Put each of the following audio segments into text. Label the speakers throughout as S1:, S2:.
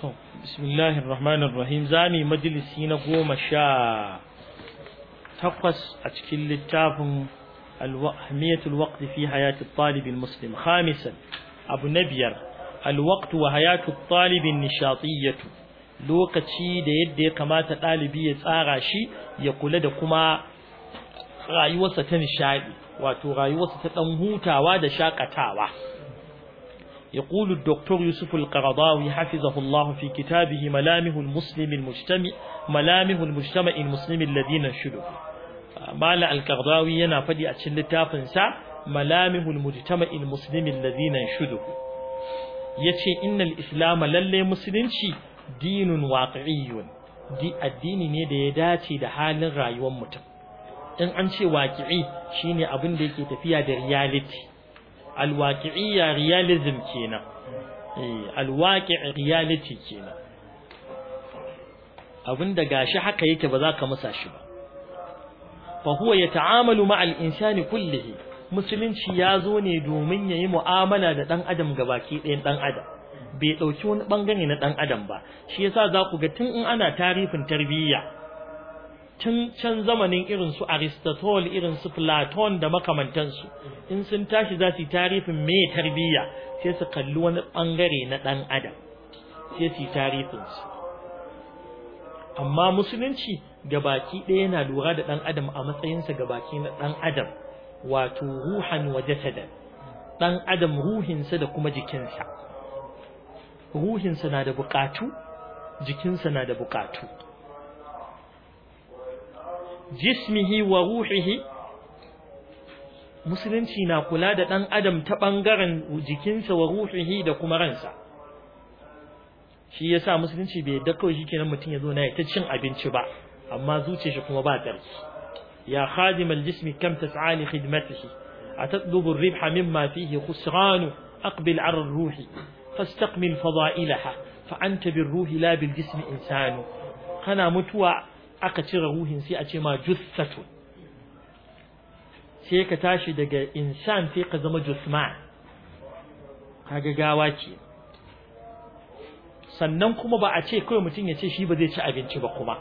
S1: to bismillahir rahmanir rahim yi majalisi na goma sha takwas a cikin littafin alwahmiyatul waqti fi hayati talib muslim khamisan abu na biyar alwaqt wa hayatu talib nishatiyatu lokaci da yadda ya kamata ɗalibi ya tsara shi ya kula da kuma rayuwarsa ta nishaɗi, wato rayuwarsa ta ɗan hutawa da shakatawa يقول Dr. يوسف القرضاوي حفظه الله في كتابه ملامه المسلم المجتمع ملامه المجتمع المسلم الذين انشدوا مال yana faɗi a cikin littafin sa malamihul mujtama'il muslimin alladhina yanshudu yace innal islam lallai musulunci dinun waqi'iyyun di addini ne da ya dace da halin rayuwar mutum in an ce waqi'i shine abinda da yake tafiya da reality alwaƙi'iyya realism kenan eh, alwaƙi' reality kenan abinda gashi haka yake ba za ka musa shi ba fa huwa yata'amalu ma'al insani kullihi musulunci ya zo ne domin yayi mu'amala da dan adam gabaki ɗayan dan adam bai dauki wani bangare na dan adam ba shi yasa za ku ga tun in ana tarifin tarbiyya tun can zamanin irin su Aristotle irin su Platon da makamantansu in sun tashi za su yi tarifin me tarbiyya sai su kalli wani bangare na dan adam sai su yi tarifin su amma musulunci gabaki ɗaya yana lura da dan adam a matsayinsa gabaki na dan adam wato ruhan wa jasada dan adam ruhinsa da kuma jikinsa ruhinsa na da bukatu jikinsa na da bukatu jismihi wa ruhihi musulunci na kula da ɗan adam ta ɓangaren jikinsa wa ruhihi da kuma ransa shi ya sa musulunci bai yadda kawai shikenan mutum ya zo na ta cin abinci ba amma zuce shi kuma ba tsarki ya khadim jismi kam tas'a li khidmatihi atatlubu ar-ribha mimma fihi khusran aqbil ar-ruhi fastaqmil fada'ilaha fa anta bir-ruhi la bil-jismi insanu kana mutuwa aka cire ruhin sai a ce ma jussatu sai ka tashi daga insan sai ka zama ka kaga gawa ce sannan kuma ba a ce kawai mutum ya ce shi ba zai ci abinci ba kuma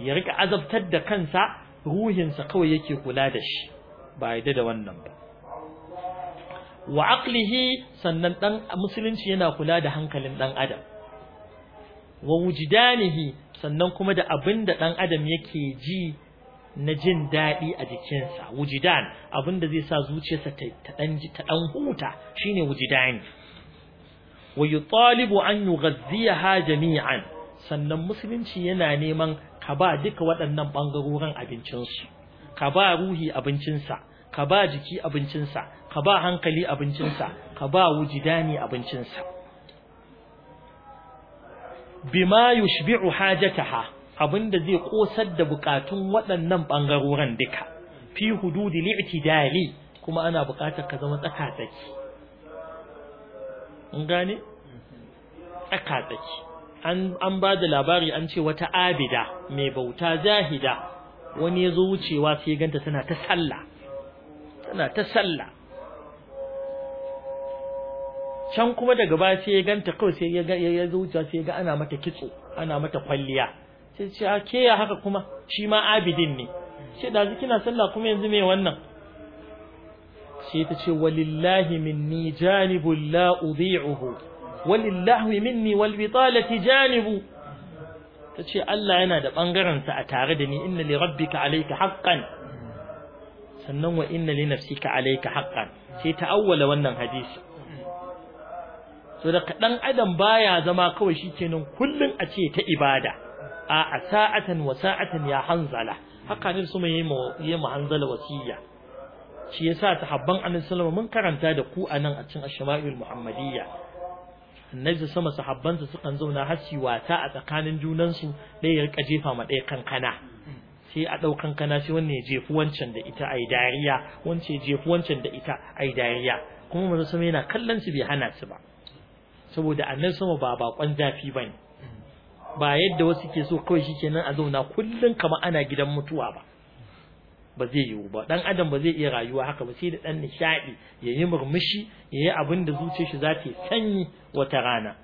S1: ya rika azabtar da kansa ruhinsa kawai yake kula da shi ba yadda da wannan ba wa aqlihi sannan dan musulunci yana kula da hankalin dan adam wa wujdanihi sannan kuma da abin da ɗan adam yake ji na jin daɗi a jikinsa wujidan abin da zai sa zuciyarsa ta ɗan huta shine wujidani wa yutalibu an yughazziha jami'an sannan musulunci yana neman ka ba duka waɗannan ɓangarorin abincinsu ka ba ruhi abincinsa ka ba jiki abincinsa ka ba hankali abincinsa ka ba wujidani abincinsa bima yushbi'u hajataha abinda zai kosar da bukatun waɗannan bangaroran duka fi hududi li'tidali kuma ana bukatar ka zama tsaka-tsaki in gane tsaka-tsaki an an bada labari an ce wata abida mai bauta zahida wani ya zo wucewa sai ganta tana ta sallah tana ta sallah can kuma daga baya sai ya ganta kawai sai ya ya zuciya sai ya ga ana mata kitso ana mata kwalliya sai ce a ke ya haka kuma shi ma abidin ne sai da kina sallah kuma yanzu me wannan sai ta ce walillahi minni janibu la udhi'uhu walillahi minni wal bitalati janibu ta ce Allah yana da bangaren sa a tare da ni inna li rabbika alayka haqqan sannan wa inna li nafsika alayka haqqan sai ta awwala wannan hadisi so da ɗan adam baya zama kawai shi shikenan kullun a ce ta ibada a sa'atan wa sa'atan ya hanzala haka ne su mai yi mu hanzala wasiya shi yasa sahabban annabi sallallahu mun karanta da ku anan a cikin ashma'il muhammadiyya annabi sama sahabbansa sukan zauna har wata a tsakanin junansu da ya rika jefa ma ɗaya kankana sai a ɗau kankana sai wanne ya jefu wancan da ita ai dariya wancan ya jefu wancan da ita ai dariya kuma manzo sama yana kallon su bai hana su ba saboda annan sama ba bakon zafi bane ba yadda wasu ke so kawai shikenan a zauna kullun kama ana gidan mutuwa ba ba zai yiwu ba dan adam ba zai iya rayuwa haka ba sai da dan nishadi ya yi murmushi ya yi abin da zuciyar shi za ta sanyi wata rana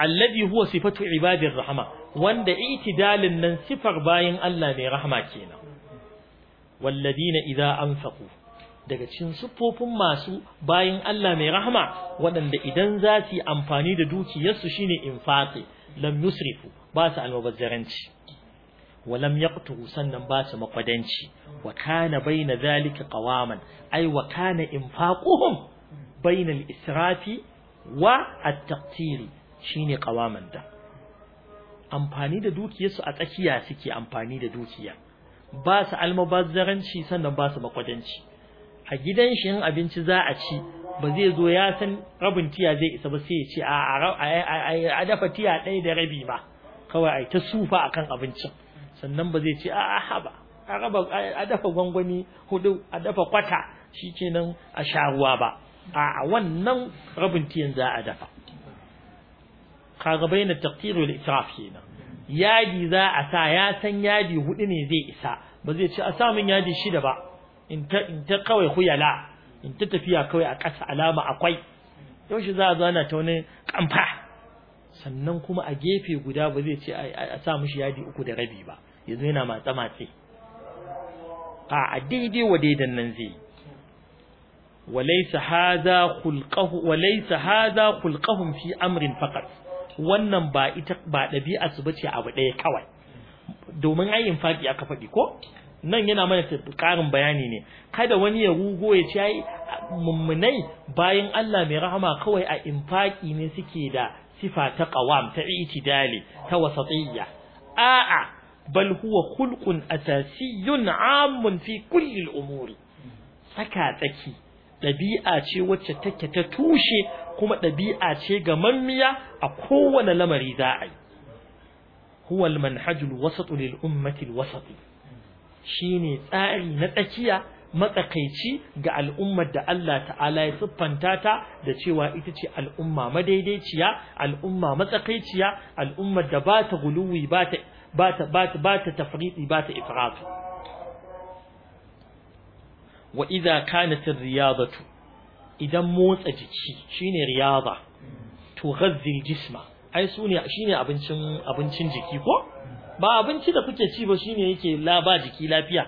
S1: alladhi huwa sifatu ibadir rahma wanda itidalin nan sifar bayin Allah mai rahma kenan walladina idza anfaqu daga cikin siffofin masu bayin Allah mai rahama waɗanda idan za su yi amfani da dukiyarsu shine infaqi lam yusrifu ba su almubazzaranci wa lam yaqtu sannan ba su makwadanci wa kana baina zalika qawaman ai wa kana infaquhum baina al-israfi wa at-taqtiri shine qawaman da amfani da dukiyarsu a tsakiya suke amfani da dukiya ba su almubazzaranci sannan ba su makwadanci a gidan shi abinci za a ci ba zai zo ya san rabin tiya zai isa ba sai ya ce a dafa tiya ɗaya da rabi ba kawai ai ta sufa akan abincin sannan ba zai ce a ba a raba a dafa gwangwani hudu a dafa kwata shikenan a sha ruwa ba a wannan rabin tiyan za a dafa kaga bayyana taqdir wal israf kenan yadi za a sa ya san yadi hudu ne zai isa ba zai ce a samun yadi shida ba in ta in kawai huyala in ta tafiya kawai a ƙasa alama akwai yaushe za a zo ana ta wani kamfa sannan kuma a gefe guda ba zai ce a sa mishi yadi uku da rabi ba yanzu yana matsa matse a daidai wa daidan nan zai وليس هذا haza وليس fi amrin wannan ba ita ba su bace abu ɗaya kawai domin ayin faɗi aka faɗi ko nan yana mana karin bayani ne kada wani ya rugo ya ce ai mummunai bayan Allah mai rahama kawai a infaki ne suke da sifa ta qawam ta itidali ta wasatiyya a'a bal huwa khulqun asasiyyun 'amun fi kulli al-umuri saka tsaki ɗabi'a ce wacce take ta tushe kuma ɗabi'a ce ga mammiya a kowane lamari za a yi huwa al-manhajul wasatu lil ummati al-wasati shine tsari na tsakiya matsakaici ga al'ummar da Allah ta'ala ya siffanta ta da cewa ita ce al'umma madaidaiciya al'umma matsakaiciya al'ummar da ba ta guluwi ba ta ba ba ta ba wa idza riyadatu idan motsa jiki shine riyada to ghazzil jisma ai ne shine abincin abincin jiki ko ba abinci da kuke ci ba shine yake la ba jiki lafiya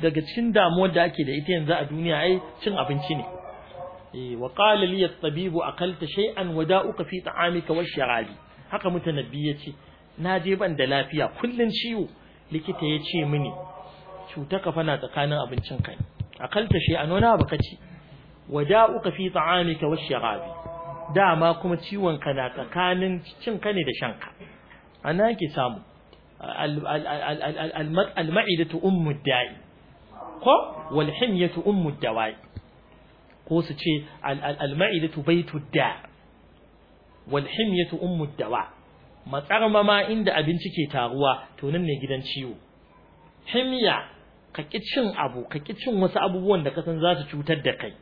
S1: daga cikin damuwar da ake da ita yanzu a duniya ai cin abinci ne eh wa qala li at tabibu akalta shay'an da'uka fi ta'amika wa sharabi haka mutanabbi yace na je ban da lafiya kullun ciwo likita ya mini cuta ka fana tsakanin abincin kai akalta shay'an ka ci. wa da'uka fi ta'amika wa sharabi dama kuma ciwon ka na tsakanin cin ka ne da shanka ana yake samu al-ma'idatu ummu ko wal himyatu ummu dawa'i ko su ce al-ma'idatu baitu da wal himyatu ummu dawa matsarma ma inda abinci ke taruwa to nan ne gidan ciwo himya ka ki cin abu ka ki cin wasu abubuwan da ka san za su cutar da kai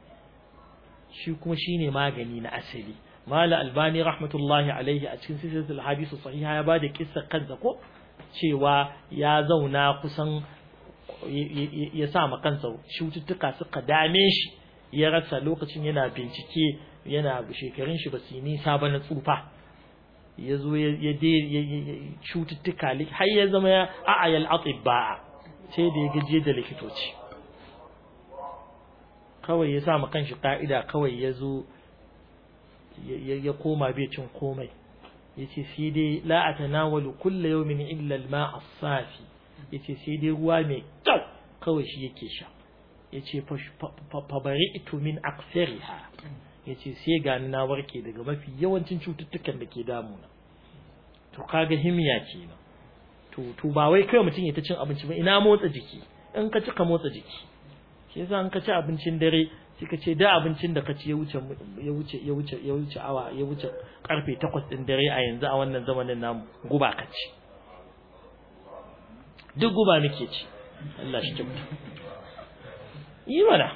S1: shi kuma shine magani na asali mala albani rahmatullahi alaihi a cikin silsilatul hadisu, sahiha ya bada kissa kansa ko cewa ya zauna kusan ya sa ma kansa cututtuka suka dame shi ya rasa lokacin yana bincike yana shekarun shi ba su yi nisa ba na tsufa ya zo ya cututtuka har ya zama ya a'ayal atibba sai da ya gaje da likitoci kawai ya sa ma kanshi ka'ida kawai ya zo ya koma bai cin komai yace sai dai la atanawalu kullu yawmin illa al-ma' as-safi yace sai dai ruwa mai kyau kawai shi yake sha yace fa bari'tu min aktsariha yace sai ga na warke daga mafi yawancin cututtukan da ke damuna to kaga himiya kenan to to ba wai kai mutum ya ta cin abinci ba ina motsa jiki in ka ci ka motsa jiki shi yasa in ka ci abincin dare suka ce da abincin da ka ya wuce ya wuce ya wuce ya wuce awa ya wuce karfe 8 din dare a yanzu a wannan zamanin namu guba ci. duk guba muke ci Allah shi kyauta yi mana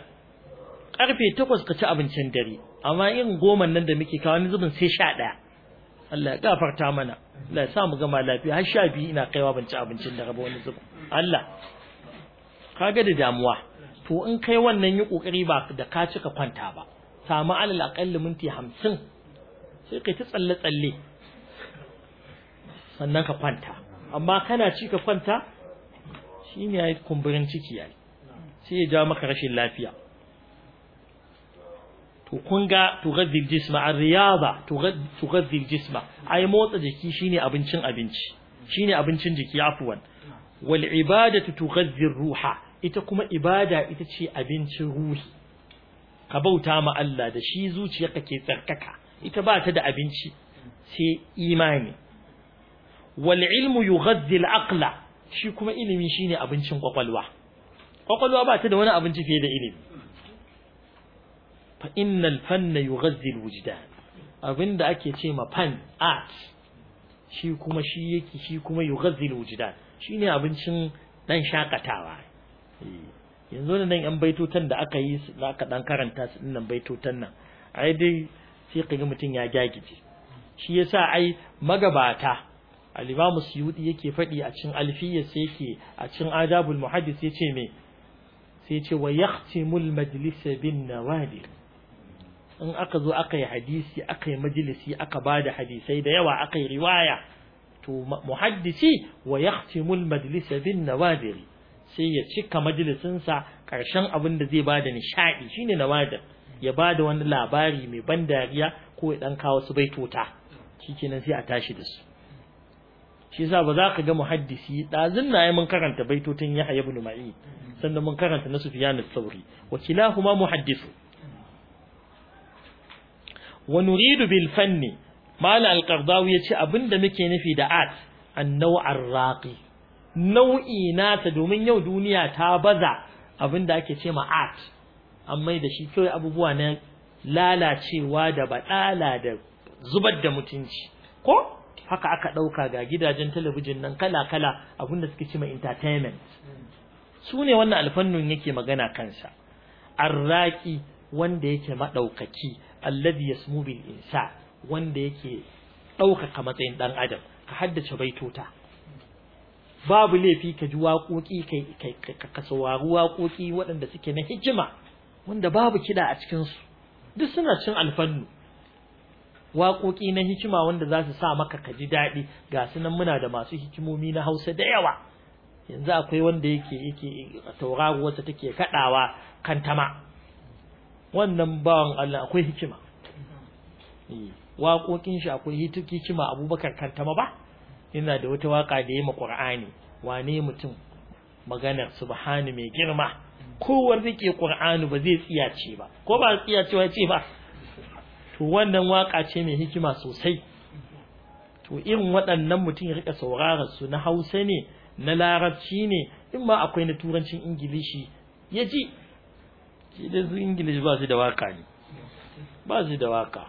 S1: karfe 8 ka ci abincin dare amma in goma nan da muke kawo ni zubin sai 11 Allah ya gafarta mana Allah ya sa mu gama lafiya har 12 ina kaiwa ban ci abincin da raba wani zubin Allah kaga da damuwa to in kai wannan yi kokari ba da ka cika kwanta ba samu alal aqalli minti hamsin sai kai ta tsalle tsalle sannan ka kwanta amma kana ci ka kwanta shine yayi kumburin ciki yayi sai ya ja maka rashin lafiya to kun ga tughaddi jisma ar-riyada tughaddi jisma ai motsa jiki shine abincin abinci shine abincin jiki afwan wal ibadatu tughaddi ruha ita kuma ibada ita ce abincin ruhi ka bauta ma Allah da shi zuciyarka ke tsarkaka ita ba ta da abinci sai imani wal ilmu yughaddi al aqla shi kuma ilimi shine abincin kwakwalwa kwakwalwa ba ta da wani abinci fiye da ilimi fa innal fanna yughaddi al wujdan abinda ake ce ma fan art shi kuma shi yake shi kuma al wujdan shine abincin dan shakatawa Eh, yanzu nan yan baitotan da aka yi da aka dan karanta su nan baitotan nan ai dai sai kaga mutum ya gagije shi yasa ai magabata al-Imam yake faɗi a cikin alfiyar sai yake a cikin adabul muhaddis yace me sai yace wa yahtimul majlis bin nawadir in aka zo aka yi hadisi aka yi majalisi aka bada hadisai da yawa aka yi riwaya to muhaddisi wa yahtimul majlis bin sai ya cika majalisinsa ƙarshen abin da zai bada nishaɗi shine nawadin ya bada wani labari mai ban dariya ko ya ɗan kawo su baitota shikenan sai a tashi da su shi yasa ba za ka ga muhaddisi ɗazun na mun karanta baitotin ya ibn ma'in sannan mun karanta na sufyan al-thawri wa kilahuma muhaddisu wa nuridu bil fanni mala al-qardawi yace abinda muke nufi da art an ar-raqi nau'i nata domin yau duniya ta baza abin da ake ce ma art an mai da shi kawai abubuwa na lalacewa da baɗala da zubar da mutunci ko haka aka ɗauka ga gidajen talabijin nan kala-kala abin da suke ce ma entertainment su ne wannan alfannun yake magana kansa arraki wanda yake maɗaukaki alladhi yasmu bil insa wanda yake ɗaukaka matsayin ɗan adam ka haddace baitota babu laifi ka ji waƙoƙi ka saurari waƙoƙi waɗanda suke na hikima wanda babu kiɗa a cikinsu duk suna cin alfannu waƙoƙi na hikima wanda za su sa maka ka ji daɗi ga su nan muna da masu hikimomi na hausa da yawa yanzu akwai wanda yake yake tauraro wacce take kaɗawa kantama wannan bawan Allah akwai hikima eh, waƙoƙin shi akwai hikima abubakar kantama ba ina da wata waka da yi ma qur'ani wane mutum maganar subhanu mai girma kowar rike qur'ani ba zai tsiya ce ba ko ba tsiya ce ba ce ba to wannan waka ce mai hikima sosai to irin waɗannan mutum ya rika sauraron su na Hausa ne na Larabci ne in ma akwai na turancin Ingilishi ya ji shi da su Ingilishi ba su da waka ne ba su da waka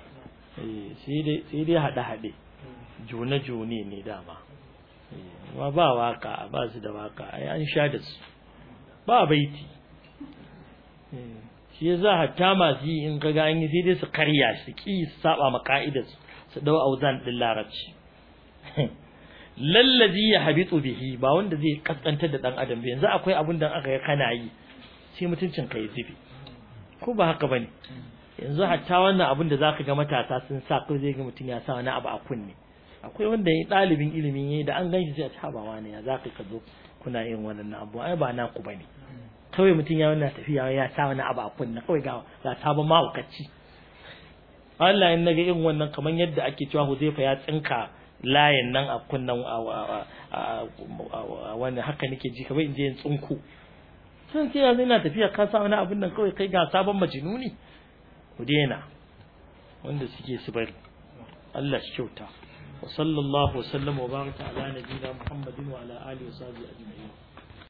S1: eh, sai dai haɗe-haɗe june-june ne dama ma eh, ba waka ba su da waka ai an sha da su ba baiti eh, shi yasa hatta masu yi in kaga an yi sai dai su karya su ki saba ma ka'idar su su dau auzan din larabci lallazi ya habitu bihi ba wanda zai kaskantar da dan adam yanzu akwai abin da aka yi kana yi sai mutuncin kai ya zube ko ba haka bane yanzu hatta wannan abin da zaka ga matasa sun sa ko zai ga mutum ya sa wani abu a kunne akwai wanda ya ɗalibin ilimin yayi da an ganshi sai a cabawa ne ya za ka zo kuna yin wannan abu ai ba naku bane kawai mutum ya wannan tafiya ya sa wani abu a kunna kawai ga ga sabon mahaukaci Allah in naga irin wannan kamar yadda ake cewa Huzaifa ya tsinka layin nan a kunnan wani haka nake ji kawai in je in tsinku sun ce yanzu ina tafiya ka sa wani abin nan kawai kai ga sabon majinuni ku daina wanda suke su bari Allah shi kyauta وصلى الله وسلم وبارك على نبينا محمد وعلى آله وصحبه أجمعين